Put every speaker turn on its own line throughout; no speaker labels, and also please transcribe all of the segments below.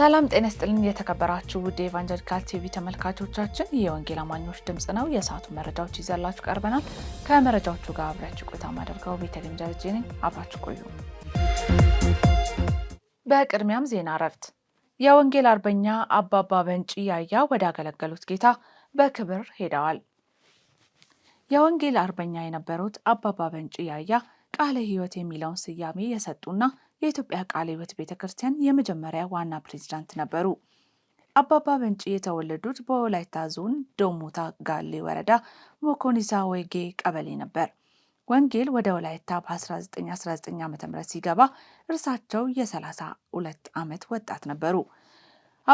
ሰላም ጤና ስጥልን። የተከበራችሁ ውድ የኢቫንጀሊካል ቲቪ ተመልካቾቻችን የወንጌል አማኞች ድምፅ ነው። የሰዓቱ መረጃዎች ይዘላችሁ ቀርበናል። ከመረጃዎቹ ጋር አብራችሁ ቆይታ ማደርገው ቤተልሔም ደረጀ ነኝ። አብራችሁ ቆዩ። በቅድሚያም ዜና እረፍት። የወንጌል አርበኛ አባባ በንጪ ያያ ወደ አገለገሉት ጌታ በክብር ሄደዋል። የወንጌል አርበኛ የነበሩት አባባ በንጪ ያያ ቃለ ሕይወት የሚለውን ስያሜ የሰጡና የኢትዮጵያ ቃለ ሕይወት ቤተ ክርስቲያን የመጀመሪያ ዋና ፕሬዚዳንት ነበሩ። አባባ በንጪ የተወለዱት በወላይታ ዞን ዶሞታ ጋሌ ወረዳ ሞኮኒሳ ወጌ ቀበሌ ነበር። ወንጌል ወደ ወላይታ በ1919 ዓ ም ሲገባ እርሳቸው የ32 ዓመት ወጣት ነበሩ።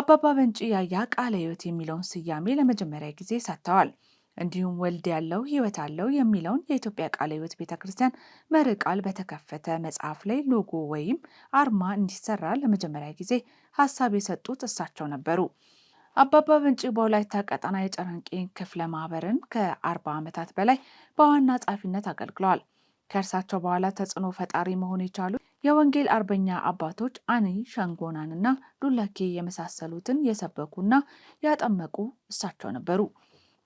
አባባ በንጭ ያያ ቃለ ሕይወት የሚለውን ስያሜ ለመጀመሪያ ጊዜ ሰጥተዋል። እንዲሁም ወልድ ያለው ሕይወት አለው የሚለውን የኢትዮጵያ ቃለ ሕይወት ቤተ ክርስቲያን መሪ ቃል በተከፈተ መጽሐፍ ላይ ሎጎ ወይም አርማ እንዲሰራ ለመጀመሪያ ጊዜ ሀሳብ የሰጡት እሳቸው ነበሩ። አባባ በንጪ በወላይታ ቀጠና የጨረንቄ ክፍለ ማህበርን ከአርባ ዓመታት በላይ በዋና ጸሐፊነት አገልግለዋል። ከእርሳቸው በኋላ ተጽዕኖ ፈጣሪ መሆን የቻሉ የወንጌል አርበኛ አባቶች አኒ ሸንጎናንና ዱላኬ የመሳሰሉትን የሰበኩና ያጠመቁ እሳቸው ነበሩ።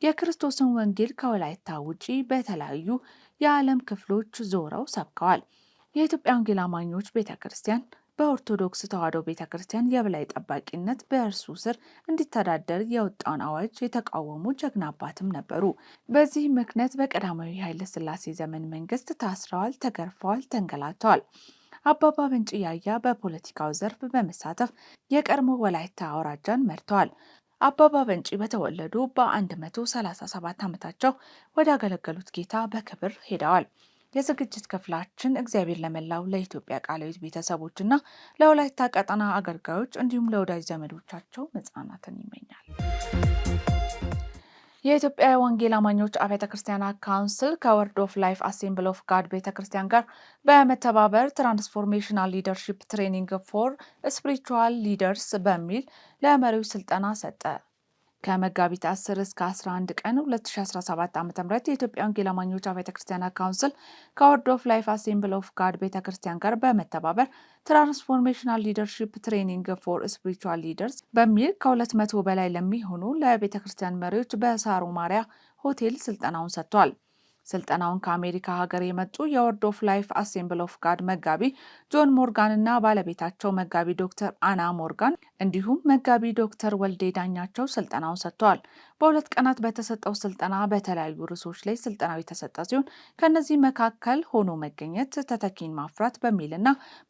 የክርስቶስን ወንጌል ከወላይታ ውጪ በተለያዩ የዓለም ክፍሎች ዞረው ሰብከዋል። የኢትዮጵያ ወንጌል አማኞች ቤተ ክርስቲያን በኦርቶዶክስ ተዋሕዶ ቤተ ክርስቲያን የበላይ ጠባቂነት በእርሱ ስር እንዲተዳደር የወጣውን አዋጅ የተቃወሙ ጀግና አባትም ነበሩ። በዚህ ምክንያት በቀዳማዊ ኃይለ ሥላሴ ዘመን መንግስት ታስረዋል፣ ተገርፈዋል፣ ተንገላተዋል። አባባ በንጭያያ በፖለቲካው ዘርፍ በመሳተፍ የቀድሞ ወላይታ አውራጃን መርተዋል። አባባ በንጪ በተወለዱ በ137 ዓመታቸው ወዳገለገሉት ጌታ በክብር ሄደዋል። የዝግጅት ክፍላችን እግዚአብሔር ለመላው ለኢትዮጵያ ቃላዊት እና ለወላይታ ቀጠና አገልጋዮች እንዲሁም ለወዳጅ ዘመዶቻቸው መጽናናትን ይመኛል። የኢትዮጵያ ወንጌል አማኞች አብያተ ክርስቲያናት ካውንስል ከወርድ ኦፍ ላይፍ አሴምብል ኦፍ ጋድ ቤተ ክርስቲያን ጋር በመተባበር ትራንስፎርሜሽናል ሊደርሺፕ ትሬኒንግ ፎር ስፒሪቹዋል ሊደርስ በሚል ለመሪዎች ስልጠና ሰጠ። ከመጋቢት 10 እስከ 11 ቀን 2017 ዓ ም የኢትዮጵያ ወንጌል አማኞች አብያተ ክርስቲያናት ካውንስል ከወርድ ኦፍ ላይፍ አሴምብል ኦፍ ጋድ ቤተ ክርስቲያን ጋር በመተባበር ትራንስፎርሜሽናል ሊደርሺፕ ትሬኒንግ ፎር ስፒሪቹዋል ሊደርስ በሚል ከ200 በላይ ለሚሆኑ ለቤተ ክርስቲያን መሪዎች በሳሮ ማሪያ ሆቴል ስልጠናውን ሰጥቷል። ስልጠናውን ከአሜሪካ ሀገር የመጡ የወርድ ኦፍ ላይፍ አሴምብል ኦፍ ጋድ መጋቢ ጆን ሞርጋን እና ባለቤታቸው መጋቢ ዶክተር አና ሞርጋን እንዲሁም መጋቢ ዶክተር ወልዴ ዳኛቸው ስልጠናውን ሰጥተዋል። በሁለት ቀናት በተሰጠው ስልጠና በተለያዩ ርዕሶች ላይ ስልጠናው የተሰጠ ሲሆን ከእነዚህ መካከል ሆኖ መገኘት፣ ተተኪን ማፍራት በሚል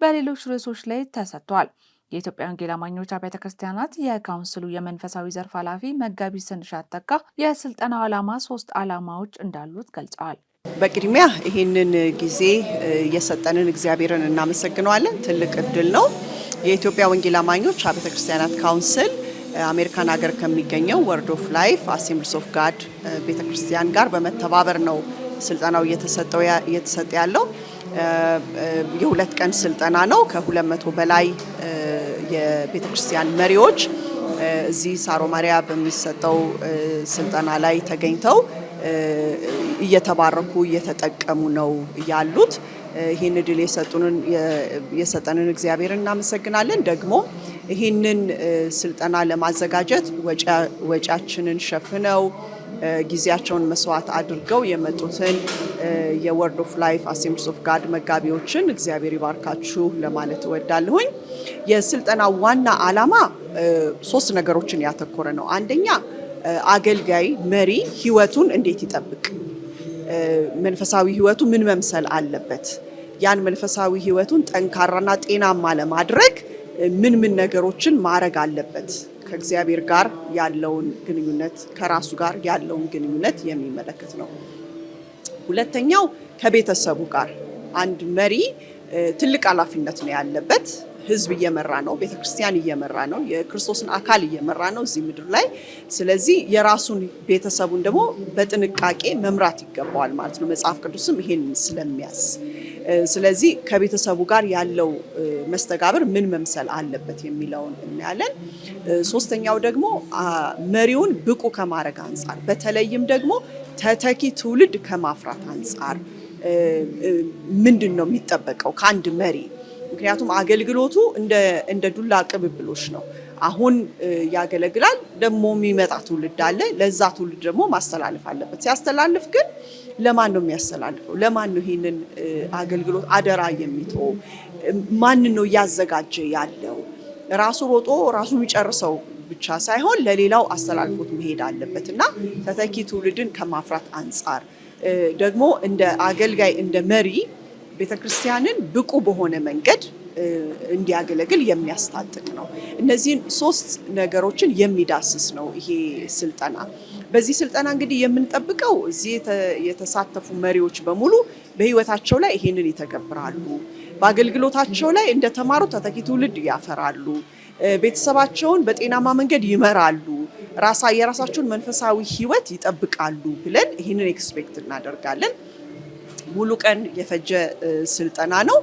በሌሎች ርዕሶች ላይ ተሰጥተዋል። የኢትዮጵያ ወንጌል አማኞች አብያተ ክርስቲያናት የካውንስሉ የመንፈሳዊ ዘርፍ ኃላፊ መጋቢ ስንሻት ተካ የስልጠናው ዓላማ ሶስት ዓላማዎች እንዳሉት ገልጸዋል።
በቅድሚያ ይህንን ጊዜ የሰጠንን እግዚአብሔርን እናመሰግነዋለን። ትልቅ እድል ነው። የኢትዮጵያ ወንጌል አማኞች አብያተ ክርስቲያናት ካውንስል አሜሪካን ሀገር ከሚገኘው ወርድ ኦፍ ላይፍ አሴምብልስ ኦፍ ጋድ ቤተ ክርስቲያን ጋር በመተባበር ነው ስልጠናው እየተሰጠ ያለው። የሁለት ቀን ስልጠና ነው። ከ ከ200 በላይ የቤተ ክርስቲያን መሪዎች እዚህ ማሪያ በሚሰጠው ስልጠና ላይ ተገኝተው እየተባረኩ እየተጠቀሙ ነው ያሉት። ይህን እድል የሰጡንን የሰጠንን እግዚአብሔር እናመሰግናለን። ደግሞ ይህንን ስልጠና ለማዘጋጀት ወጪያችንን ሸፍነው ጊዜያቸውን መስዋዕት አድርገው የመጡትን የወርድ ኦፍ ላይፍ አሴምብሊስ ኦፍ ጋድ መጋቢዎችን እግዚአብሔር ይባርካችሁ ለማለት እወዳለሁኝ። የስልጠና ዋና ዓላማ ሶስት ነገሮችን ያተኮረ ነው። አንደኛ አገልጋይ መሪ ህይወቱን እንዴት ይጠብቅ፣ መንፈሳዊ ህይወቱ ምን መምሰል አለበት፣ ያን መንፈሳዊ ህይወቱን ጠንካራና ጤናማ ለማድረግ ምን ምን ነገሮችን ማድረግ አለበት፣ ከእግዚአብሔር ጋር ያለውን ግንኙነት ከራሱ ጋር ያለውን ግንኙነት የሚመለከት ነው። ሁለተኛው ከቤተሰቡ ጋር አንድ መሪ ትልቅ ኃላፊነት ነው ያለበት ህዝብ እየመራ ነው፣ ቤተክርስቲያን እየመራ ነው፣ የክርስቶስን አካል እየመራ ነው እዚህ ምድር ላይ። ስለዚህ የራሱን ቤተሰቡን ደግሞ በጥንቃቄ መምራት ይገባዋል ማለት ነው። መጽሐፍ ቅዱስም ይሄን ስለሚያዝ ስለዚህ ከቤተሰቡ ጋር ያለው መስተጋብር ምን መምሰል አለበት የሚለውን እናያለን። ሶስተኛው ደግሞ መሪውን ብቁ ከማድረግ አንጻር በተለይም ደግሞ ተተኪ ትውልድ ከማፍራት አንጻር ምንድን ነው የሚጠበቀው ከአንድ መሪ ምክንያቱም አገልግሎቱ እንደ ዱላ ቅብብሎች ነው። አሁን ያገለግላል፣ ደግሞ የሚመጣ ትውልድ አለ። ለዛ ትውልድ ደግሞ ማስተላለፍ አለበት። ሲያስተላልፍ ግን ለማን ነው የሚያስተላልፈው? ለማን ነው ይህንን አገልግሎት አደራ የሚቶ ማንን ነው እያዘጋጀ ያለው? ራሱ ሮጦ ራሱ የሚጨርሰው ብቻ ሳይሆን ለሌላው አስተላልፎት መሄድ አለበት እና ተተኪ ትውልድን ከማፍራት አንጻር ደግሞ እንደ አገልጋይ እንደ መሪ ቤተክርስቲያንን ብቁ በሆነ መንገድ እንዲያገለግል የሚያስታጥቅ ነው። እነዚህን ሶስት ነገሮችን የሚዳስስ ነው ይሄ ስልጠና። በዚህ ስልጠና እንግዲህ የምንጠብቀው እዚህ የተሳተፉ መሪዎች በሙሉ በህይወታቸው ላይ ይሄንን ይተገብራሉ። በአገልግሎታቸው ላይ እንደተማሩ ተተኪ ትውልድ ያፈራሉ። ቤተሰባቸውን በጤናማ መንገድ ይመራሉ። ራሳ የራሳቸውን መንፈሳዊ ህይወት ይጠብቃሉ ብለን ይህንን ኤክስፔክት እናደርጋለን። ሙሉ ቀን የፈጀ ስልጠና ነው።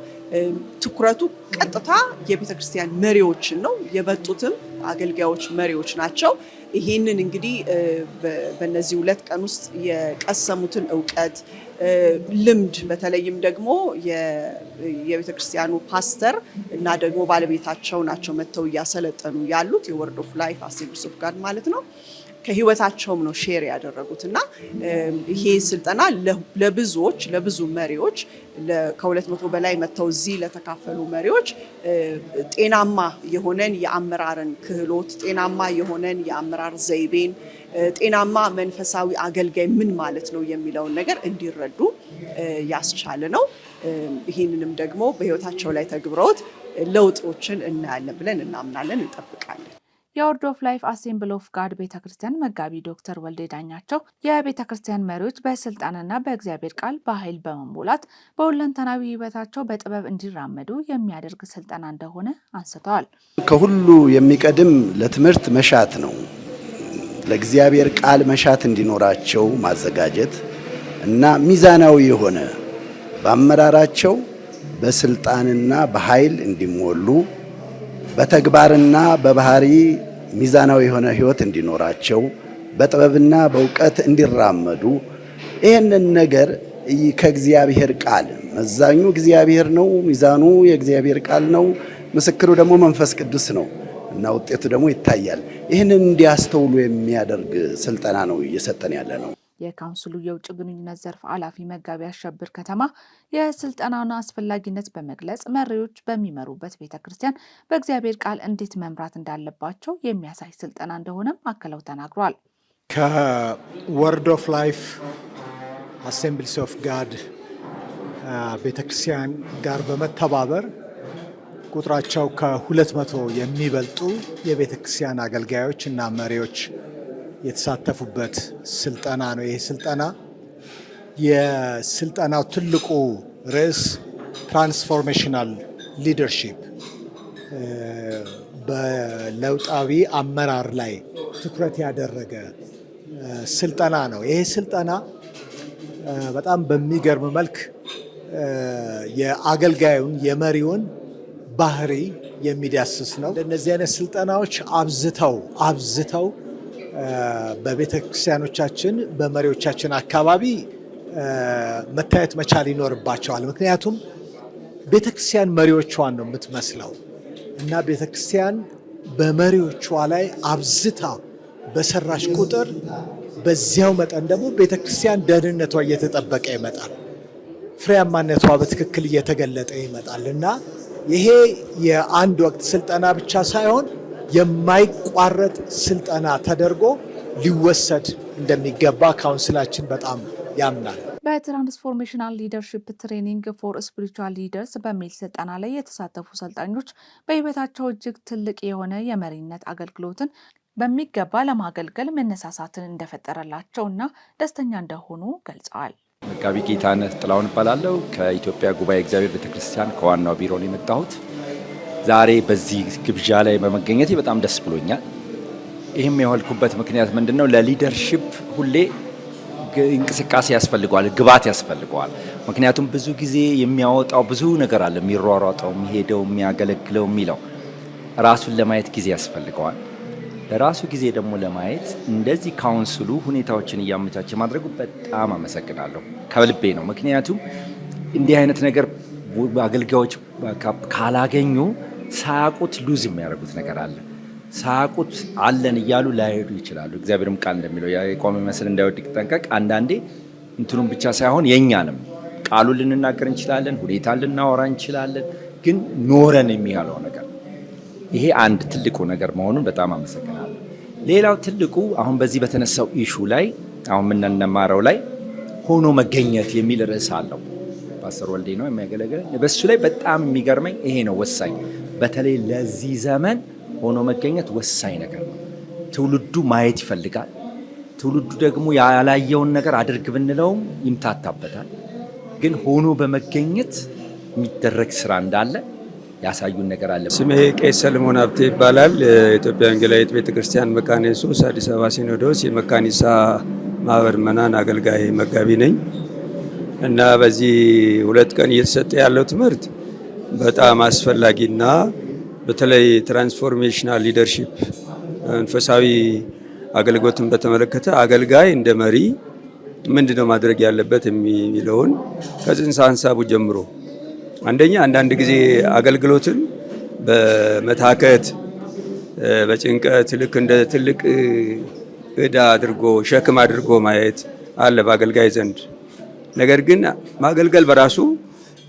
ትኩረቱ ቀጥታ የቤተ ክርስቲያን መሪዎችን ነው። የመጡትም አገልጋዮች መሪዎች ናቸው። ይህንን እንግዲህ በነዚህ ሁለት ቀን ውስጥ የቀሰሙትን እውቀት ልምድ፣ በተለይም ደግሞ የቤተ ክርስቲያኑ ፓስተር እና ደግሞ ባለቤታቸው ናቸው መጥተው እያሰለጠኑ ያሉት የወርድ ኦፍ ላይፍ አሴምብሊስ ኦፍ ጋድ ማለት ነው ከህይወታቸውም ነው ሼር ያደረጉት እና ይሄ ስልጠና ለብዙዎች ለብዙ መሪዎች ከሁለት መቶ በላይ መጥተው እዚህ ለተካፈሉ መሪዎች ጤናማ የሆነን የአመራርን ክህሎት ጤናማ የሆነን የአመራር ዘይቤን ጤናማ መንፈሳዊ አገልጋይ ምን ማለት ነው የሚለውን ነገር እንዲረዱ ያስቻለ ነው። ይህንንም ደግሞ በህይወታቸው ላይ ተግብረውት ለውጦችን እናያለን ብለን እናምናለን፣ እንጠብቃለን።
የወርድ ኦፍ ላይፍ አሴምብል ኦፍ ጋድ ቤተ ክርስቲያን መጋቢ ዶክተር ወልዴ ዳኛቸው የቤተ ክርስቲያን መሪዎች በስልጣንና በእግዚአብሔር ቃል በኃይል በመሞላት በሁለንተናዊ ህይወታቸው በጥበብ እንዲራመዱ የሚያደርግ ስልጠና እንደሆነ አንስተዋል።
ከሁሉ የሚቀድም ለትምህርት መሻት ነው። ለእግዚአብሔር ቃል መሻት እንዲኖራቸው ማዘጋጀት እና ሚዛናዊ የሆነ በአመራራቸው በስልጣንና በኃይል እንዲሞሉ በተግባርና በባህሪ ሚዛናዊ የሆነ ህይወት እንዲኖራቸው በጥበብና በእውቀት እንዲራመዱ ይህንን ነገር ከእግዚአብሔር ቃል መዛኙ እግዚአብሔር ነው። ሚዛኑ የእግዚአብሔር ቃል ነው። ምስክሩ ደግሞ መንፈስ ቅዱስ ነው እና ውጤቱ ደግሞ ይታያል። ይህንን እንዲያስተውሉ የሚያደርግ ስልጠና ነው እየሰጠን ያለ ነው።
የካውንስሉ የውጭ ግንኙነት ዘርፍ ኃላፊ መጋቢ አሸብር ከተማ የስልጠናውን አስፈላጊነት በመግለጽ መሪዎች በሚመሩበት ቤተ ክርስቲያን በእግዚአብሔር ቃል እንዴት መምራት እንዳለባቸው የሚያሳይ ስልጠና እንደሆነም አክለው ተናግሯል።
ከወርድ ኦፍ ላይፍ አሴምብሊስ ኦፍ ጋድ ቤተ ክርስቲያን ጋር በመተባበር ቁጥራቸው ከሁለት መቶ የሚበልጡ የቤተ ክርስቲያን አገልጋዮች እና መሪዎች የተሳተፉበት ስልጠና ነው። ይህ ስልጠና የስልጠናው ትልቁ ርዕስ ትራንስፎርሜሽናል ሊደርሺፕ በለውጣዊ አመራር ላይ ትኩረት ያደረገ ስልጠና ነው። ይሄ ስልጠና በጣም በሚገርም መልክ የአገልጋዩን የመሪውን ባህሪ የሚዳስስ ነው። ለእነዚህ አይነት ስልጠናዎች አብዝተው አብዝተው በቤተ ክርስቲያኖቻችን በመሪዎቻችን አካባቢ መታየት መቻል ይኖርባቸዋል። ምክንያቱም ቤተ ክርስቲያን መሪዎቿን ነው የምትመስለው እና ቤተ ክርስቲያን በመሪዎቿ ላይ አብዝታ በሰራሽ ቁጥር በዚያው መጠን ደግሞ ቤተ ክርስቲያን ደህንነቷ እየተጠበቀ ይመጣል፣ ፍሬያማነቷ በትክክል እየተገለጠ ይመጣል እና ይሄ የአንድ ወቅት ስልጠና ብቻ ሳይሆን የማይቋረጥ ስልጠና ተደርጎ ሊወሰድ እንደሚገባ ካውንስላችን በጣም ያምናል። በትራንስፎርሜሽናል ሊደርሽፕ ትሬኒንግ ፎር ስፒሪቹዋል ሊደርስ በሚል ስልጠና ላይ የተሳተፉ ሰልጣኞች በሕይወታቸው እጅግ ትልቅ የሆነ የመሪነት አገልግሎትን በሚገባ ለማገልገል መነሳሳትን እንደፈጠረላቸው እና ደስተኛ እንደሆኑ ገልጸዋል። መጋቢ ጌታነት ጥላውን እባላለሁ። ከኢትዮጵያ ጉባኤ እግዚአብሔር ቤተክርስቲያን ከዋናው ቢሮ ነው የመጣሁት። ዛሬ በዚህ ግብዣ ላይ በመገኘት በጣም ደስ ብሎኛል። ይህም የወልኩበት ምክንያት ምንድን ነው? ሁሌ እንቅስቃሴ ያስፈልገዋል፣ ግባት ያስፈልገዋል። ምክንያቱም ብዙ ጊዜ የሚያወጣው ብዙ ነገር አለ፣ የሚሯሯጠው፣ የሚሄደው፣ የሚያገለግለው የሚለው ራሱን ለማየት ጊዜ ያስፈልገዋል። ለራሱ ጊዜ ደግሞ ለማየት እንደዚህ ካውንስሉ ሁኔታዎችን እያመቻቸ ማድረጉ በጣም አመሰግናለሁ፣ ከልቤ ነው። ምክንያቱም እንዲህ አይነት ነገር አገልጋዮች ካላገኙ ሳያውቁት ሉዝ የሚያደርጉት ነገር አለ። ሳያውቁት አለን እያሉ ላይሄዱ ይችላሉ። እግዚአብሔርም ቃል እንደሚለው የቆመ መስል እንዳይወድቅ ጠንቀቅ። አንዳንዴ እንትኑም ብቻ ሳይሆን የእኛንም ቃሉን ልንናገር እንችላለን፣ ሁኔታ ልናወራ እንችላለን። ግን ኖረን የሚያለው ነገር ይሄ አንድ ትልቁ ነገር መሆኑን በጣም አመሰግናለሁ። ሌላው ትልቁ አሁን በዚህ በተነሳው ኢሹ ላይ አሁን የምንነማረው ላይ ሆኖ መገኘት የሚል ርዕስ አለው። ፓስተር ወልዴ ነው የሚያገለግለን። በሱ ላይ በጣም የሚገርመኝ ይሄ ነው ወሳኝ። በተለይ ለዚህ ዘመን ሆኖ መገኘት ወሳኝ ነገር ነው። ትውልዱ ማየት ይፈልጋል። ትውልዱ ደግሞ ያላየውን ነገር አድርግ ብንለውም ይምታታበታል። ግን ሆኖ በመገኘት የሚደረግ ስራ እንዳለ ያሳዩን ነገር አለ። ስሜ ቄስ ሰለሞን
ሀብቴ ይባላል። የኢትዮጵያ ወንጌላዊት ቤተክርስቲያን መካነ ኢየሱስ አዲስ አበባ ሲኖዶስ የመካኒሳ ማህበር መናን አገልጋይ መጋቢ ነኝ እና በዚህ ሁለት ቀን እየተሰጠ ያለው ትምህርት በጣም አስፈላጊና በተለይ ትራንስፎርሜሽናል ሊደርሺፕ መንፈሳዊ አገልግሎትን በተመለከተ አገልጋይ እንደ መሪ ምንድነው ማድረግ ያለበት የሚለውን ከጽንሰ ሀንሳቡ ጀምሮ አንደኛ አንዳንድ ጊዜ አገልግሎትን በመታከት በጭንቀት ልክ እንደ ትልቅ እዳ አድርጎ ሸክም አድርጎ ማየት አለ በአገልጋይ ዘንድ። ነገር ግን ማገልገል በራሱ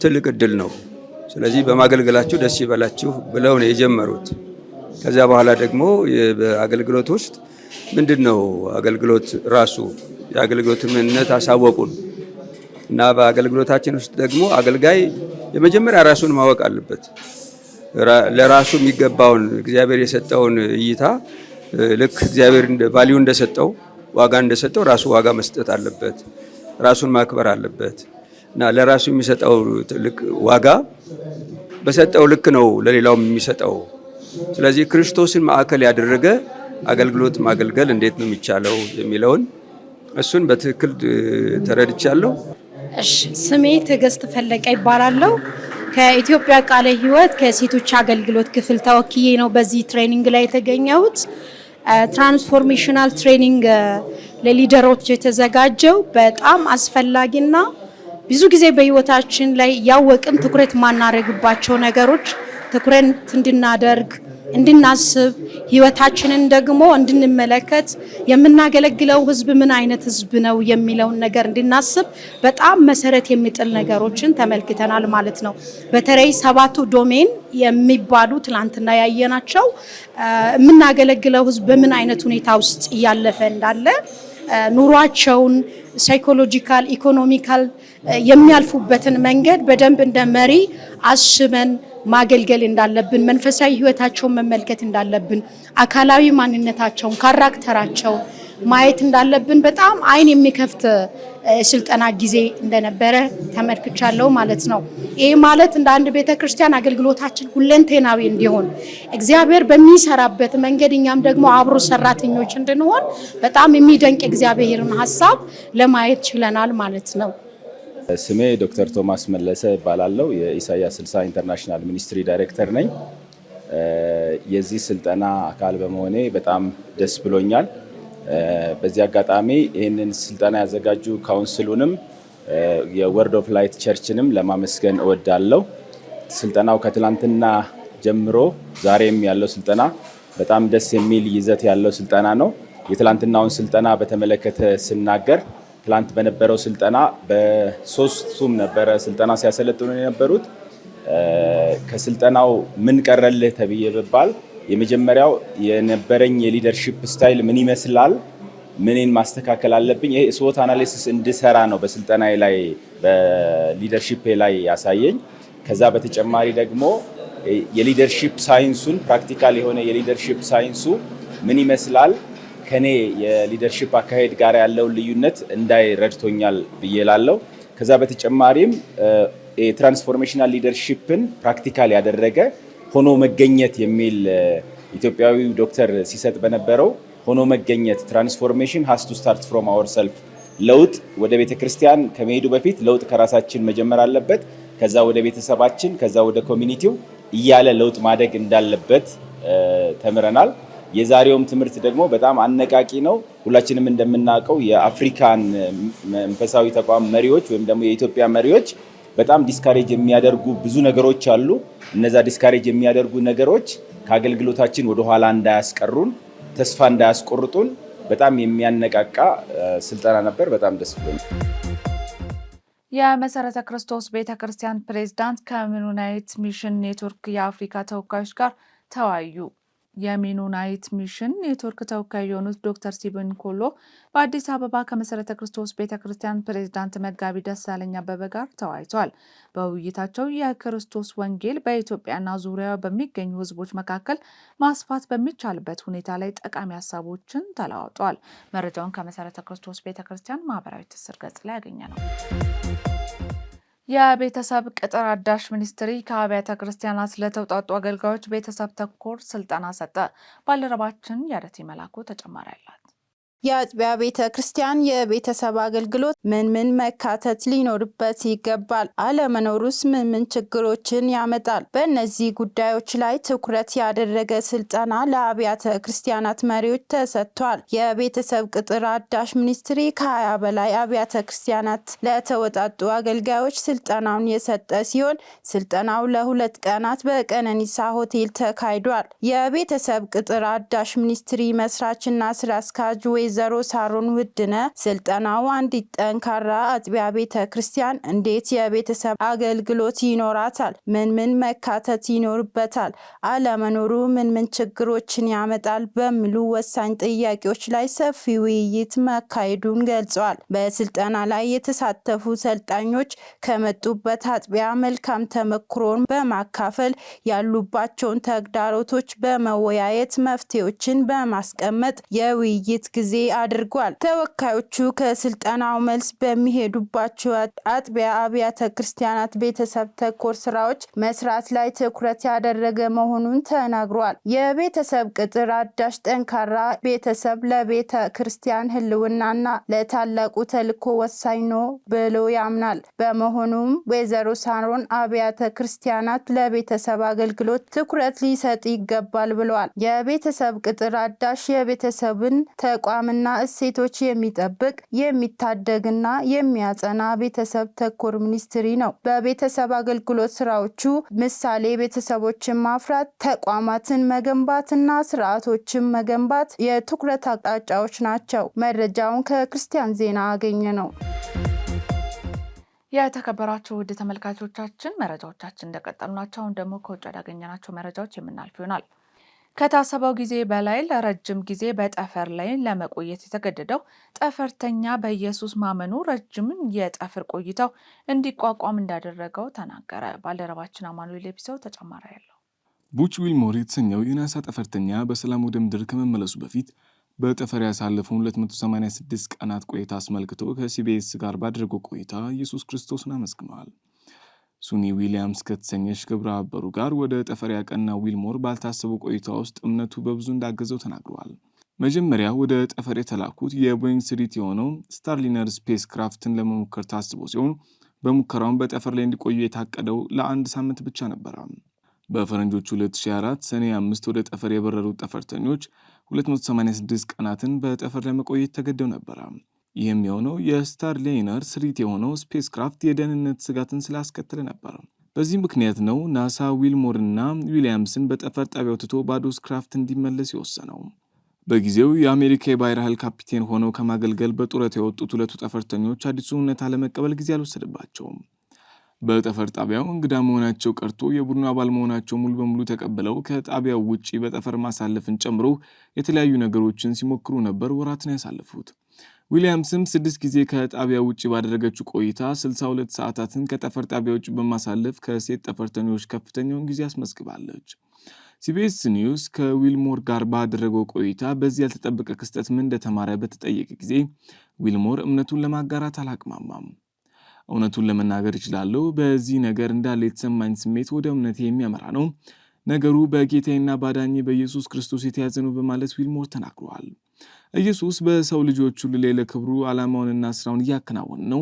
ትልቅ እድል ነው። ስለዚህ በማገልገላችሁ ደስ ይበላችሁ ብለው ነው የጀመሩት። ከዚያ በኋላ ደግሞ በአገልግሎት ውስጥ ምንድን ነው አገልግሎት ራሱ የአገልግሎት ምንነት አሳወቁን እና በአገልግሎታችን ውስጥ ደግሞ አገልጋይ የመጀመሪያ ራሱን ማወቅ አለበት። ለራሱ የሚገባውን እግዚአብሔር የሰጠውን እይታ ልክ እግዚአብሔር ቫሊዩ እንደሰጠው ዋጋ እንደሰጠው ራሱ ዋጋ መስጠት አለበት። ራሱን ማክበር አለበት። እና ለራሱ የሚሰጠው ትልቅ ዋጋ በሰጠው ልክ ነው ለሌላውም የሚሰጠው። ስለዚህ ክርስቶስን ማዕከል ያደረገ አገልግሎት ማገልገል እንዴት ነው የሚቻለው የሚለውን እሱን በትክክል ተረድቻለሁ። ስሜ ትዕግስት ፈለቀ ይባላለሁ። ከኢትዮጵያ
ቃለ ሕይወት ከሴቶች አገልግሎት ክፍል ተወክዬ ነው በዚህ ትሬኒንግ ላይ የተገኘሁት። ትራንስፎርሜሽናል ትሬኒንግ ለሊደሮች የተዘጋጀው በጣም አስፈላጊና ብዙ ጊዜ በህይወታችን ላይ ያወቅን ትኩረት የማናደርግባቸው ነገሮች ትኩረት እንድናደርግ እንድናስብ ህይወታችንን ደግሞ እንድንመለከት የምናገለግለው ህዝብ ምን አይነት ህዝብ ነው የሚለውን ነገር እንድናስብ በጣም መሰረት የሚጥል ነገሮችን ተመልክተናል ማለት ነው። በተለይ ሰባቱ ዶሜን የሚባሉ ትላንትና ያየናቸው የምናገለግለው ህዝብ በምን አይነት ሁኔታ ውስጥ እያለፈ እንዳለ ኑሯቸውን ሳይኮሎጂካል፣ ኢኮኖሚካል የሚያልፉበትን መንገድ በደንብ እንደ መሪ አስበን ማገልገል እንዳለብን፣ መንፈሳዊ ህይወታቸውን መመልከት እንዳለብን፣ አካላዊ ማንነታቸውን ካራክተራቸው ማየት እንዳለብን በጣም አይን የሚከፍት ስልጠና ጊዜ እንደነበረ ተመልክቻለሁ ማለት ነው። ይህ ማለት እንደ አንድ ቤተ ክርስቲያን አገልግሎታችን ሁለንቴናዊ እንዲሆን እግዚአብሔር በሚሰራበት መንገድ እኛም ደግሞ አብሮ ሰራተኞች እንድንሆን በጣም የሚደንቅ እግዚአብሔርን ሀሳብ ለማየት ችለናል ማለት ነው። ስሜ ዶክተር ቶማስ መለሰ
እባላለሁ። የኢሳያስ ስልሳ ኢንተርናሽናል ሚኒስትሪ ዳይሬክተር ነኝ። የዚህ ስልጠና አካል በመሆኔ በጣም ደስ ብሎኛል። በዚህ አጋጣሚ ይህንን ስልጠና ያዘጋጁ ካውንስሉንም የወርድ ኦፍ ላይት ቸርችንም ለማመስገን እወዳለሁ። ስልጠናው ከትላንትና ጀምሮ ዛሬም ያለው ስልጠና በጣም ደስ የሚል ይዘት ያለው ስልጠና ነው። የትላንትናውን ስልጠና በተመለከተ ስናገር ትላንት በነበረው ስልጠና በሶስቱም ነበረ ስልጠና ሲያሰለጥኑ የነበሩት። ከስልጠናው ምን ቀረልህ ተብዬ ብባል የመጀመሪያው የነበረኝ የሊደርሺፕ ስታይል ምን ይመስላል፣ ምንን ማስተካከል አለብኝ፣ ይሄ ስዎት አናሊሲስ እንድሰራ ነው በስልጠና ላይ በሊደርሺፕ ላይ ያሳየኝ። ከዛ በተጨማሪ ደግሞ የሊደርሺፕ ሳይንሱን ፕራክቲካል የሆነ የሊደርሺፕ ሳይንሱ ምን ይመስላል ከኔ የሊደርሺፕ አካሄድ ጋር ያለውን ልዩነት እንዳይ ረድቶኛል ብዬ ላለው። ከዛ በተጨማሪም የትራንስፎርሜሽናል ሊደርሺፕን ፕራክቲካል ያደረገ ሆኖ መገኘት የሚል ኢትዮጵያዊው ዶክተር ሲሰጥ በነበረው ሆኖ መገኘት ትራንስፎርሜሽን ሀስ ቱ ስታርት ፍሮም አወር ሰልፍ ለውጥ ወደ ቤተ ክርስቲያን ከመሄዱ በፊት ለውጥ ከራሳችን መጀመር አለበት፣ ከዛ ወደ ቤተሰባችን፣ ከዛ ወደ ኮሚኒቲው እያለ ለውጥ ማደግ እንዳለበት ተምረናል። የዛሬውም ትምህርት ደግሞ በጣም አነቃቂ ነው። ሁላችንም እንደምናውቀው የአፍሪካን መንፈሳዊ ተቋም መሪዎች ወይም ደግሞ የኢትዮጵያ መሪዎች በጣም ዲስካሬጅ የሚያደርጉ ብዙ ነገሮች አሉ። እነዛ ዲስካሬጅ የሚያደርጉ ነገሮች ከአገልግሎታችን ወደኋላ እንዳያስቀሩን፣ ተስፋ እንዳያስቆርጡን በጣም የሚያነቃቃ ስልጠና ነበር። በጣም ደስ ብሎ የመሰረተ ክርስቶስ ቤተ ክርስቲያን ፕሬዝዳንት ከሚኑናይት ሚሽን ኔትወርክ የአፍሪካ ተወካዮች ጋር ተወያዩ። የሜኖናይት ሚሽን ኔትወርክ ተወካይ የሆኑት ዶክተር ስቲቨን ኮሎ በአዲስ አበባ ከመሠረተ ክርስቶስ ቤተ ክርስቲያን ፕሬዝዳንት መጋቢ ደሳለኝ አበበ ጋር ተወያይተዋል። በውይይታቸው የክርስቶስ ወንጌል በኢትዮጵያና ዙሪያ በሚገኙ ሕዝቦች መካከል ማስፋት በሚቻልበት ሁኔታ ላይ ጠቃሚ ሀሳቦችን ተለዋውጠዋል። መረጃውን ከመሠረተ ክርስቶስ ቤተ ክርስቲያን ማህበራዊ ትስስር ገጽ ላይ ያገኘ ነው። የቤተሰብ ቅጥር አዳሽ ሚኒስትሪ ከአብያተ ክርስቲያናት ስለተውጣጡ አገልጋዮች ቤተሰብ ተኮር ስልጠና ሰጠ። ባልደረባችን ያደት መላኩ ተጨማሪ አላት። የአጥቢያ ቤተ ክርስቲያን የቤተሰብ አገልግሎት ምን
ምን መካተት ሊኖርበት ይገባል? አለመኖሩስ ምን ምን ችግሮችን ያመጣል? በእነዚህ ጉዳዮች ላይ ትኩረት ያደረገ ስልጠና ለአብያተ ክርስቲያናት መሪዎች ተሰጥቷል። የቤተሰብ ቅጥር አዳሽ ሚኒስትሪ ከሀያ በላይ አብያተ ክርስቲያናት ለተወጣጡ አገልጋዮች ስልጠናውን የሰጠ ሲሆን ስልጠናው ለሁለት ቀናት በቀነኒሳ ሆቴል ተካሂዷል። የቤተሰብ ቅጥር አዳሽ ሚኒስትሪ መስራችና ስራ አስኪያጅ ወይዘሮ ሳሮን ውድነ ስልጠናው አንዲት ጠንካራ አጥቢያ ቤተ ክርስቲያን እንዴት የቤተሰብ አገልግሎት ይኖራታል፣ ምን ምን መካተት ይኖርበታል፣ አለመኖሩ ምን ምን ችግሮችን ያመጣል በሚሉ ወሳኝ ጥያቄዎች ላይ ሰፊ ውይይት መካሄዱን ገልጸዋል። በስልጠና ላይ የተሳተፉ ሰልጣኞች ከመጡበት አጥቢያ መልካም ተመክሮን በማካፈል ያሉባቸውን ተግዳሮቶች በመወያየት መፍትሄዎችን በማስቀመጥ የውይይት ጊዜ አድርጓል። ተወካዮቹ ከስልጠናው መልስ በሚሄዱባቸው አጥቢያ አብያተ ክርስቲያናት ቤተሰብ ተኮር ስራዎች መስራት ላይ ትኩረት ያደረገ መሆኑን ተናግሯል። የቤተሰብ ቅጥር አዳሽ ጠንካራ ቤተሰብ ለቤተ ክርስቲያን ህልውናና ለታላቁ ተልእኮ ወሳኝ ነው ብሎ ያምናል። በመሆኑም ወይዘሮ ሳሮን አብያተ ክርስቲያናት ለቤተሰብ አገልግሎት ትኩረት ሊሰጥ ይገባል ብለዋል። የቤተሰብ ቅጥር አዳሽ የቤተሰብን ተቋም ሰላምና እሴቶች የሚጠብቅ የሚታደግና የሚያጸና ቤተሰብ ተኮር ሚኒስትሪ ነው። በቤተሰብ አገልግሎት ስራዎቹ ምሳሌ ቤተሰቦችን ማፍራት፣ ተቋማትን መገንባትና ስርዓቶችን መገንባት የትኩረት አቅጣጫዎች ናቸው። መረጃውን ከክርስቲያን ዜና አገኘ ነው። የተከበራቸው
ውድ ተመልካቾቻችን መረጃዎቻችን እንደቀጠሉ ናቸው። አሁን ደግሞ ከውጭ ወዳገኘናቸው መረጃዎች የምናልፍ ይሆናል። ከታሰበው ጊዜ በላይ ለረጅም ጊዜ በጠፈር ላይ ለመቆየት የተገደደው ጠፈርተኛ በኢየሱስ ማመኑ ረጅምን የጠፍር ቆይታው እንዲቋቋም እንዳደረገው ተናገረ። ባልደረባችን አማኑኤል ኤፒሶ ተጨማሪ ያለው ቡች ዊልሞር
የተሰኘው የናሳ ጠፈርተኛ በሰላም ወደ ምድር ከመመለሱ በፊት በጠፈር ያሳለፈውን 286 ቀናት ቆይታ አስመልክቶ ከሲቢኤስ ጋር ባደረገው ቆይታ ኢየሱስ ክርስቶስን አመስግነዋል። ሱኒ ዊሊያምስ ከተሰኘች ግብረ አበሩ ጋር ወደ ጠፈር ያቀና ዊልሞር ባልታሰቡ ቆይታ ውስጥ እምነቱ በብዙ እንዳገዘው ተናግረዋል። መጀመሪያ ወደ ጠፈር የተላኩት የቦይንግ ስሪት የሆነው ስታርሊነር ስፔስ ክራፍትን ለመሞከር ታስቦ ሲሆን በሙከራውን በጠፈር ላይ እንዲቆዩ የታቀደው ለአንድ ሳምንት ብቻ ነበረ። በፈረንጆቹ 2004 ሰኔ 5 ወደ ጠፈር የበረሩት ጠፈርተኞች 286 ቀናትን በጠፈር ለመቆየት ተገደው ነበረ። ይህም የሆነው የስታርላይነር ስሪት የሆነው ስፔስ ክራፍት የደህንነት ስጋትን ስላስከተለ ነበር። በዚህ ምክንያት ነው ናሳ ዊልሞርና ዊሊያምስን በጠፈር ጣቢያው ትቶ ባዶ ስክራፍት እንዲመለስ የወሰነው። በጊዜው የአሜሪካ የባህር ኃይል ካፒቴን ሆነው ከማገልገል በጡረት የወጡት ሁለቱ ጠፈርተኞች አዲሱ እውነታ ለመቀበል ጊዜ አልወሰደባቸውም። በጠፈር ጣቢያው እንግዳ መሆናቸው ቀርቶ የቡድኑ አባል መሆናቸው ሙሉ በሙሉ ተቀብለው ከጣቢያው ውጭ በጠፈር ማሳለፍን ጨምሮ የተለያዩ ነገሮችን ሲሞክሩ ነበር ወራትን ያሳለፉት። ዊሊያምስም ስድስት ጊዜ ከጣቢያ ውጭ ባደረገችው ቆይታ 62 ሰዓታትን ከጠፈር ጣቢያ ውጭ በማሳለፍ ከሴት ጠፈርተኞች ከፍተኛውን ጊዜ አስመዝግባለች። ሲቢኤስ ኒውስ ከዊልሞር ጋር ባደረገው ቆይታ በዚህ ያልተጠበቀ ክስተት ምን እንደተማረ በተጠየቀ ጊዜ ዊልሞር እምነቱን ለማጋራት አላቅማማም። እውነቱን ለመናገር እችላለሁ። በዚህ ነገር እንዳለ የተሰማኝ ስሜት ወደ እምነቴ የሚያመራ ነው። ነገሩ በጌታዬና ባዳኜ በኢየሱስ ክርስቶስ የተያዘ ነው በማለት ዊልሞር ተናግረዋል። ኢየሱስ በሰው ልጆች ሁሉ ላይ ለክብሩ ዓላማውንና ስራውን እያከናወን ነው።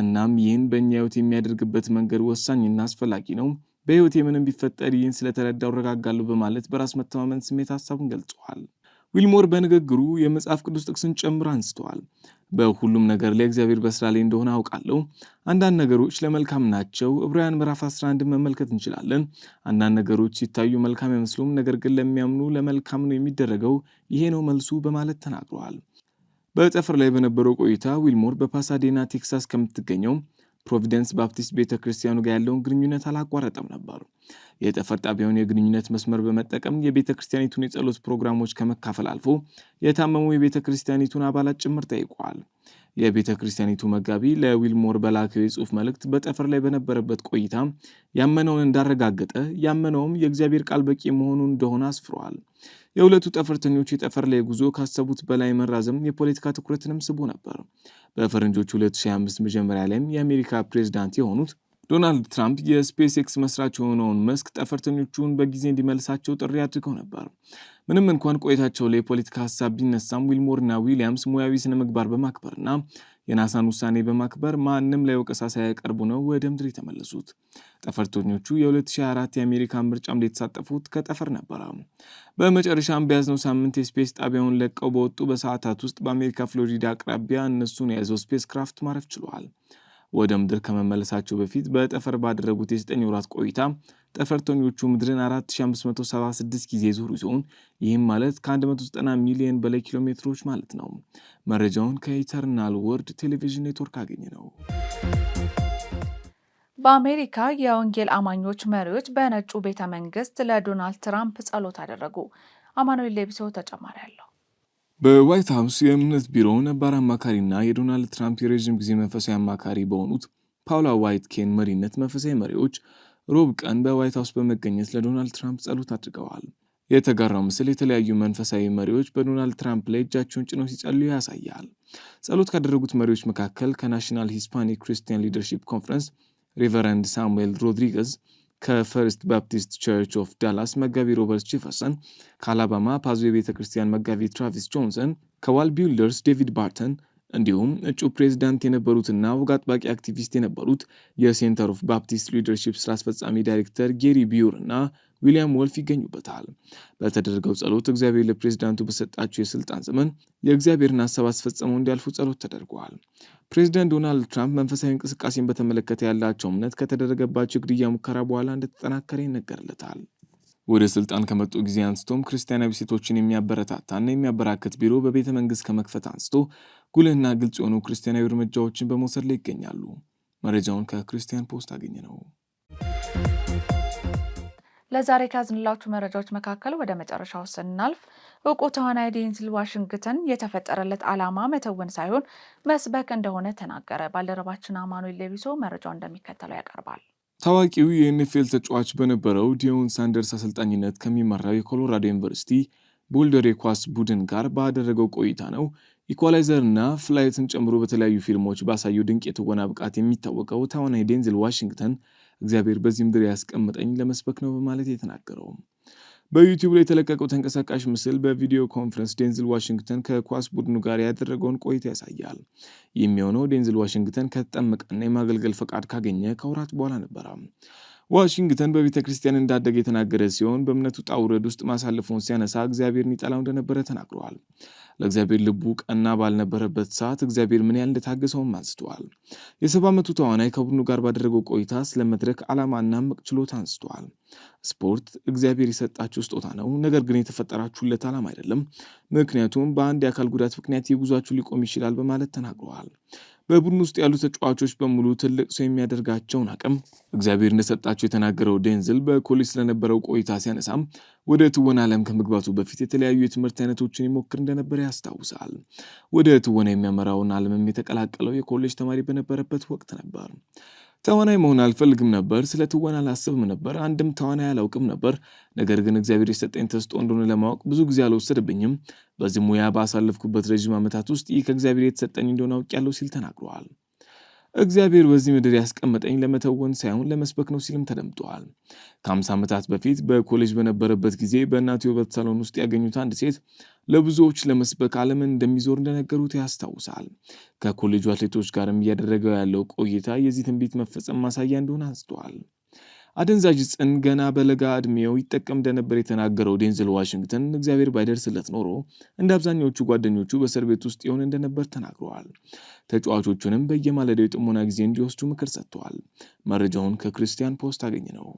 እናም ይህን በእኛ ህይወት የሚያደርግበት መንገድ ወሳኝና አስፈላጊ ነው። በህይወት የምንም ቢፈጠር ይህን ስለተረዳው እረጋጋለሁ በማለት በራስ መተማመን ስሜት ሀሳቡን ገልጸዋል። ዊልሞር በንግግሩ የመጽሐፍ ቅዱስ ጥቅስን ጨምሮ አንስተዋል። በሁሉም ነገር ላይ በስራ ላይ እንደሆነ አውቃለሁ። አንዳንድ ነገሮች ለመልካም ናቸው። ዕብራውያን ምዕራፍ 11 መመልከት እንችላለን። አንዳንድ ነገሮች ሲታዩ መልካም አይመስሉም፣ ነገር ግን ለሚያምኑ ለመልካም ነው የሚደረገው፣ ይሄ ነው መልሱ በማለት ተናግረዋል። በጠፈር ላይ በነበረው ቆይታ ዊልሞር በፓሳዴና ቴክሳስ ከምትገኘው ፕሮቪደንስ ባፕቲስት ቤተ ክርስቲያኑ ጋር ያለውን ግንኙነት አላቋረጠም ነበር። የጠፈር ጣቢያውን የግንኙነት መስመር በመጠቀም የቤተ ክርስቲያኒቱን የጸሎት ፕሮግራሞች ከመካፈል አልፎ የታመሙ የቤተ ክርስቲያኒቱን አባላት ጭምር ጠይቋል። የቤተ ክርስቲያኒቱ መጋቢ ለዊልሞር በላከው የጽሑፍ መልእክት በጠፈር ላይ በነበረበት ቆይታ ያመነውን እንዳረጋገጠ ያመነውም የእግዚአብሔር ቃል በቂ መሆኑን እንደሆነ አስፍሯል። የሁለቱ ጠፈርተኞች የጠፈር ላይ ጉዞ ካሰቡት በላይ መራዘም የፖለቲካ ትኩረትንም ስቦ ነበር። በፈረንጆች 2025 መጀመሪያ ላይም የአሜሪካ ፕሬዝዳንት የሆኑት ዶናልድ ትራምፕ የስፔስ ኤክስ መስራች የሆነውን መስክ ጠፈርተኞቹን በጊዜ እንዲመልሳቸው ጥሪ አድርገው ነበር። ምንም እንኳን ቆይታቸው ላይ የፖለቲካ ሀሳብ ቢነሳም ዊልሞርና ዊሊያምስ ሙያዊ ስነ ምግባር በማክበርና የናሳን ውሳኔ በማክበር ማንም ለወቀሳ ሳያቀርቡ ነው ወደ ምድር የተመለሱት። ጠፈርተኞቹ የ2024 የአሜሪካ ምርጫ የተሳተፉት ከጠፈር ነበረ። በመጨረሻም በያዝነው ሳምንት የስፔስ ጣቢያውን ለቀው በወጡ በሰዓታት ውስጥ በአሜሪካ ፍሎሪዳ አቅራቢያ እነሱን የያዘው ስፔስ ክራፍት ማረፍ ችሏል። ወደ ምድር ከመመለሳቸው በፊት በጠፈር ባደረጉት የዘጠኝ ወራት ቆይታ ጠፈርተኞቹ ምድርን 4576 ጊዜ ዞሩ ሲሆን ይህም ማለት ከ190 ሚሊዮን በላይ ኪሎ ሜትሮች ማለት ነው። መረጃውን ከኢተርናል ወርድ ቴሌቪዥን ኔትወርክ አገኘ ነው።
በአሜሪካ የወንጌል አማኞች መሪዎች በነጩ ቤተ መንግስት ለዶናልድ ትራምፕ ጸሎት አደረጉ። አማኑኤል ሌቢሶ ተጨማሪ አለው። በዋይት ሀውስ የእምነት ቢሮ ነባር አማካሪና የዶናልድ ትራምፕ የረዥም ጊዜ መንፈሳዊ አማካሪ በሆኑት ፓውላ ዋይት ኬን መሪነት መንፈሳዊ መሪዎች ሮብ ቀን በዋይት ሀውስ በመገኘት ለዶናልድ ትራምፕ ጸሎት አድርገዋል። የተጋራው ምስል የተለያዩ መንፈሳዊ መሪዎች በዶናልድ ትራምፕ ላይ እጃቸውን ጭነው ሲጸልዩ ያሳያል። ጸሎት ካደረጉት መሪዎች መካከል ከናሽናል ሂስፓኒክ ክርስቲያን ሊደርሺፕ ኮንፈረንስ ሪቨረንድ ሳሙኤል ሮድሪገዝ ከፈርስት ባፕቲስት ቸርች ኦፍ ዳላስ መጋቢ ሮበርት ጄፈርሰን፣ ከአላባማ ፓዞ የቤተ ክርስቲያን መጋቢ ትራቪስ ጆንሰን፣ ከዋል ቢልደርስ ዴቪድ ባርተን፣ እንዲሁም እጩ ፕሬዝዳንት የነበሩትና ወግ አጥባቂ አክቲቪስት የነበሩት የሴንተር ኦፍ ባፕቲስት ሊደርሺፕ ስራ አስፈጻሚ ዳይሬክተር ጌሪ ቢዩር እና ዊሊያም ወልፍ ይገኙበታል። በተደረገው ጸሎት እግዚአብሔር ለፕሬዝዳንቱ በሰጣቸው የስልጣን ዘመን የእግዚአብሔርን ሀሳብ አስፈጽመው እንዲያልፉ ጸሎት ተደርገዋል። ፕሬዚደንት ዶናልድ ትራምፕ መንፈሳዊ እንቅስቃሴን በተመለከተ ያላቸው እምነት ከተደረገባቸው ግድያ ሙከራ በኋላ እንደተጠናከረ ይነገርለታል። ወደ ስልጣን ከመጡ ጊዜ አንስቶም ክርስቲያናዊ ሴቶችን የሚያበረታታና የሚያበራክት ቢሮ በቤተ መንግስት ከመክፈት አንስቶ ጉልህና ግልጽ የሆኑ ክርስቲያናዊ እርምጃዎችን በመውሰድ ላይ ይገኛሉ። መረጃውን ከክርስቲያን ፖስት አገኘ ነው። ለዛሬ ከያዝንላችሁ መረጃዎች መካከል ወደ መጨረሻው ስናልፍ እውቁ ተዋናይ ዴንዚል ዋሽንግተን የተፈጠረለት ዓላማ መተወን ሳይሆን መስበክ እንደሆነ ተናገረ። ባልደረባችን አማኑኤል ሌቢሶ መረጃው እንደሚከተለው ያቀርባል። ታዋቂው የኤንኤፍኤል ተጫዋች በነበረው ዲዮን ሳንደርስ አሰልጣኝነት ከሚመራው የኮሎራዶ ዩኒቨርሲቲ ቦልደር የኳስ ቡድን ጋር ባደረገው ቆይታ ነው ኢኳላይዘርና ፍላይትን ጨምሮ በተለያዩ ፊልሞች ባሳየው ድንቅ የትወና ብቃት የሚታወቀው ተዋናይ ዴንዝል ዋሽንግተን እግዚአብሔር በዚህ ምድር ያስቀምጠኝ ለመስበክ ነው በማለት የተናገረው በዩቲዩብ ላይ የተለቀቀው ተንቀሳቃሽ ምስል በቪዲዮ ኮንፈረንስ ዴንዝል ዋሽንግተን ከኳስ ቡድኑ ጋር ያደረገውን ቆይታ ያሳያል። የሚሆነው ዴንዝል ዋሽንግተን ከተጠመቀና የማገልገል ፈቃድ ካገኘ ከወራት በኋላ ነበረ። ዋሽንግተን በቤተ ክርስቲያን እንዳደገ የተናገረ ሲሆን በእምነቱ ጣውረድ ውስጥ ማሳለፉን ሲያነሳ እግዚአብሔርን ይጠላው እንደነበረ ተናግረዋል። ለእግዚአብሔር ልቡ ቀና ባልነበረበት ሰዓት እግዚአብሔር ምን ያህል እንደታገሰውም አንስተዋል። የሰባ ዓመቱ ተዋናይ ከቡድኑ ጋር ባደረገው ቆይታ ስለ መድረክ ዓላማና እምቅ ችሎታ አንስተዋል። ስፖርት እግዚአብሔር የሰጣችሁ ስጦታ ነው፣ ነገር ግን የተፈጠራችሁለት ዓላማ አይደለም፣ ምክንያቱም በአንድ የአካል ጉዳት ምክንያት የጉዟችሁ ሊቆም ይችላል በማለት ተናግረዋል። በቡድን ውስጥ ያሉ ተጫዋቾች በሙሉ ትልቅ ሰው የሚያደርጋቸውን አቅም እግዚአብሔር እንደሰጣቸው የተናገረው ዴንዝል በኮሌጅ ስለነበረው ቆይታ ሲያነሳም ወደ ትወና ዓለም ከመግባቱ በፊት የተለያዩ የትምህርት አይነቶችን ይሞክር እንደነበረ ያስታውሳል። ወደ ትወና የሚያመራውን ዓለምም የተቀላቀለው የኮሌጅ ተማሪ በነበረበት ወቅት ነበር። ተዋናይ መሆን አልፈልግም ነበር። ስለ ትወና አላስብም ነበር። አንድም ተዋናይ አላውቅም ነበር። ነገር ግን እግዚአብሔር የሰጠኝ ተስጦ እንደሆነ ለማወቅ ብዙ ጊዜ አልወሰድብኝም በዚህ ሙያ ባሳለፍኩበት ረዥም ዓመታት ውስጥ ይህ ከእግዚአብሔር የተሰጠኝ እንደሆነ አውቅ ያለው ሲል ተናግረዋል። እግዚአብሔር በዚህ ምድር ያስቀመጠኝ ለመተወን ሳይሆን ለመስበክ ነው ሲልም ተደምጠዋል። ዓመታት በፊት በኮሌጅ በነበረበት ጊዜ በእናቱ የውበት ሳሎን ውስጥ ያገኙት አንድ ሴት ለብዙዎች ለመስበክ ዓለምን እንደሚዞር እንደነገሩት ያስታውሳል። ከኮሌጁ አትሌቶች ጋርም እያደረገው ያለው ቆይታ የዚህ ትንቢት መፈጸም ማሳያ እንደሆነ አንስተዋል። አደንዛዥ ዕፅን ገና በለጋ ዕድሜው ይጠቀም እንደነበር የተናገረው ዴንዝል ዋሽንግተን እግዚአብሔር ባይደርስለት ኖሮ እንደ አብዛኛዎቹ ጓደኞቹ በእስር ቤት ውስጥ ይሆን እንደነበር ተናግረዋል። ተጫዋቾቹንም በየማለዳው የጥሞና ጊዜ እንዲወስዱ ምክር ሰጥተዋል። መረጃውን ከክርስቲያን ፖስት አገኘ ነው።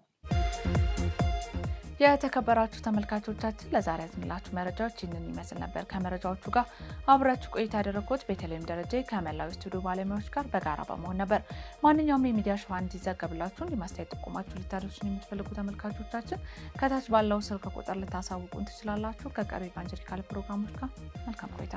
የተከበራችሁ ተመልካቾቻችን ለዛሬ ያዝንላችሁ መረጃዎች ይህንን ይመስል ነበር። ከመረጃዎቹ ጋር አብራችሁ ቆይታ ያደረግኩት በተለይም ደረጀ ከመላው ስቱዲዮ ባለሙያዎች ጋር በጋራ በመሆን ነበር። ማንኛውም የሚዲያ ሽፋን እንዲዘገብላችሁ እንዲማስተያየት ጥቆማችሁ ልታደርሱን የምትፈልጉ ተመልካቾቻችን ከታች ባለው ስልክ ቁጥር ልታሳውቁን ትችላላችሁ። ከቀሪ ኢቫንጀሊካል ፕሮግራሞች ጋር መልካም ቆይታ